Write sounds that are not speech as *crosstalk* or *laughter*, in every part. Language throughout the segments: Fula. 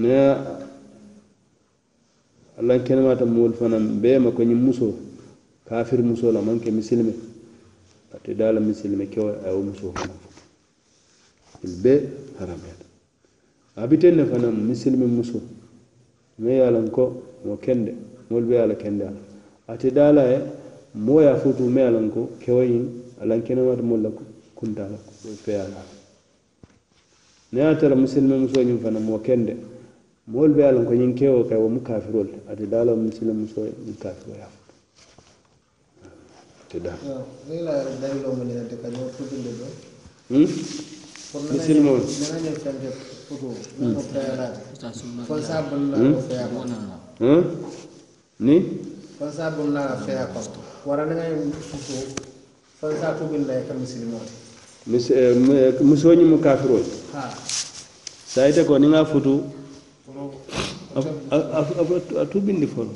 ne alan kenemata moolu fanaŋ bee ma ko ñiŋ musoo kafiri musoo la maŋ ke misilime ate daa la misilime kewo a ye wo musoo fanaŋ futa bee haramuyata a biteŋ ne fanaŋ misilime musoo me ye a loŋ ko mo kende moolu be a la kende a la ate daa la ye moo ye a futuu meŋ ye a loŋ ko kewoñiŋ alan kenemata moolu la kunta la feeyaa la a la ne ye a tara musilime musoo ñiŋ fana moo kende moolu be ye a loŋ ko ñiŋ kewo kay wo mu kafirolu le ate daala la musilime musoo ñiŋ kafiroo yaa fo te daa misilimolu ni fansa bonna la feya kosto wara naŋa ye futu fansa tubinla i ka misilimolu musoñi eh, mu kafiroñ sayite ko ni nga futu a tubindi folo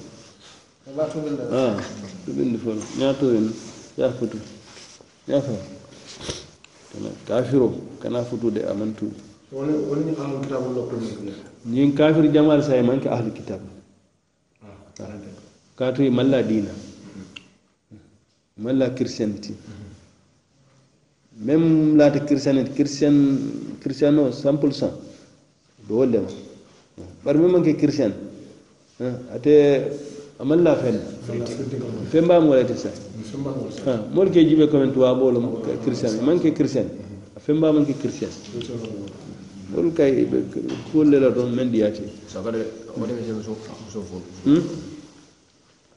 tubindi folo ña tubin ya futu ya fa kafiro kana futu de aman tuu ñin kafir jamal saye manke ahlu kitab katuyi malla dina mm-hmm. malla christianti mm-hmm. même laata christianité christian christian o cent pour cent dowol lema bari mi manke christian ate a man la fen fembamolati sa mol ke jibe comme tuwaɓolo christian manke christian a femba manke christian mol kay kuol lela toon men ɗiyati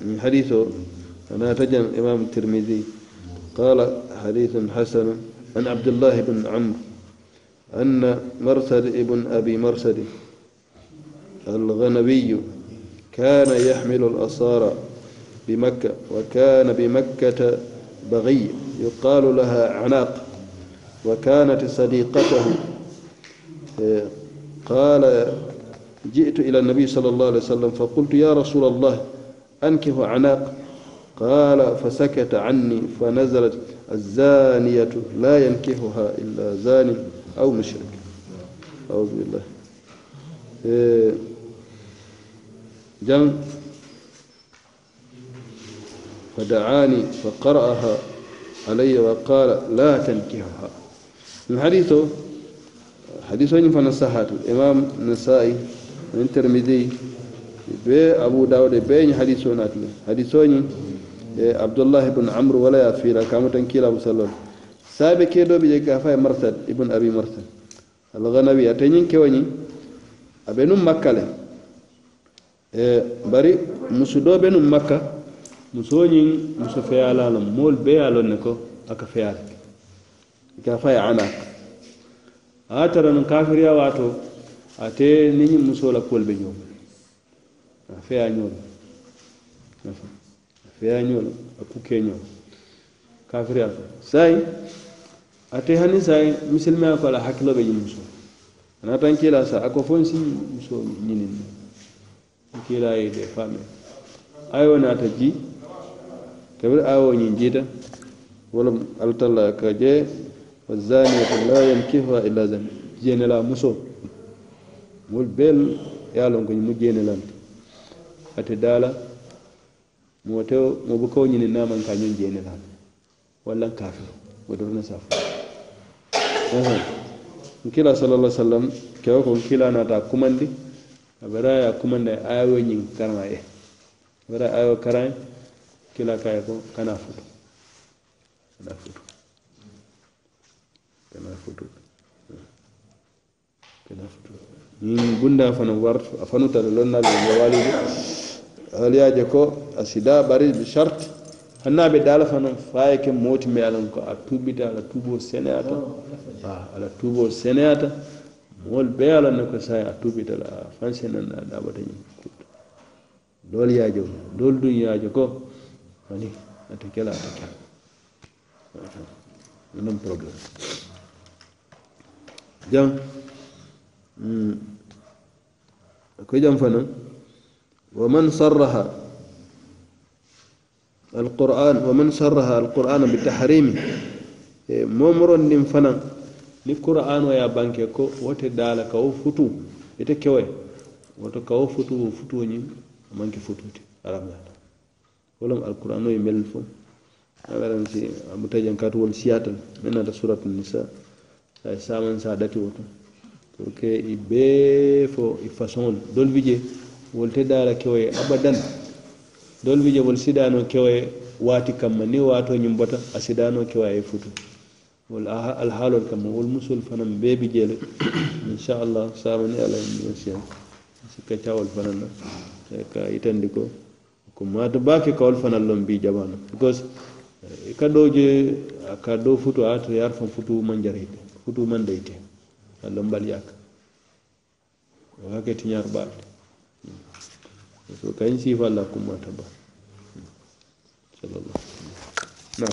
من حديث أنا الإمام الترمذي قال حديث حسن عن عبد الله بن عمرو أن مرسد ابن أبي مرسد الغنبي كان يحمل الأصارى بمكة وكان بمكة بغي يقال لها عناق وكانت صديقته قال جئت إلى النبي صلى الله عليه وسلم فقلت يا رسول الله أنكه عناق قال فسكت عني فنزلت الزانية لا ينكهها إلا زاني أو مشرك أعوذ بالله إيه. جن فدعاني فقرأها علي وقال لا تنكهها الحديث حديث حديثه الإمام النسائي الترمذي be abou dawud e beeñi hadis o naati ɗum hadis oñi e abdoullah ibne amro wala ya fiira kamo tan kiilabo sallol saabe keedoɓe je ga fa e marsad ibne abi marsad alganawi a teñin kewoñi aɓe num makka le e bari musudoɓe num makka musoñin muso feyalalam mool beyalon ne ko aka feyala ga fa e anak a tara num kafiriya wato ate niñin musola kuwol ɓe ñoomen a feyañolu nafa a feyañolu a kukeñolu kafiriya ko sayi ate hani sayi misilmaya ko ala hakkilo ɓe ñin muso ana tan kila sa ako fon si muso ñinin kila ye de fame ayo nata ji tabir ayo ñin jiita wala altalla ka je wa zaniyatu la yankihuha illa zani jeenela muso wol bel ye a lon ko ñimu jeenelanta ate dala mote mo bu kaw ñini naman ka ñon jeni lan walla kafir wo dor na safu nkila sallallahu alaihi wasallam kewo ko nkila na ta kumandi abara ya kumanda ayo nyin karma e abara ayo karan e, kila kay e ko kana futu kana futu kana futu kana futu ni bunda fana war fanu talon na le walidi haliyaje ko a sida bari e charte hannaɓe dala fana faya ke moti mais alan ko a tuɓita ala tuɓo seneyata ala tuɓo seneyata mool ɓe alanne ko sa a tuɓita la fansenana daɓata ñi lool yaajo lool dun yaajo ko ani ata kela ata kela nanam probléme jam mm, ko jam fana ومن صرها القرآن ومن صرها القرآن بالتحريم مومرون دين فنا ni qur'an ya banke ko wote dala ka futu ite kewe wote ka futu futu ni amanke futu ti aram yalla wolam alquran yi mel fo agaran si am tajan katu wol siyatal menna da surat nisa ay saman sa dati woto pour que i be fo i façon dol vidje wol te daara kewoye abadan dolwi je wol sidano kewoye waati kamma ni waato ñumbata a sidano kewaye e futu wol alhaalol kamma wol musol fanan beebi jeele *coughs* inchallah sama ni ala siyan sikka cawol fananna ka itandi ko ko maata baake kawol fanan lon bi jamano because e ka ɗo je ka ɗo futu ata yarfan futu man jarayde futu man dayte allah mbal yaka o hakketi ñaar baalde kañ sifalla la kumata ba na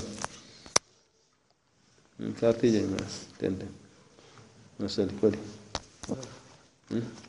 kartije mas tende masali kweli hmm?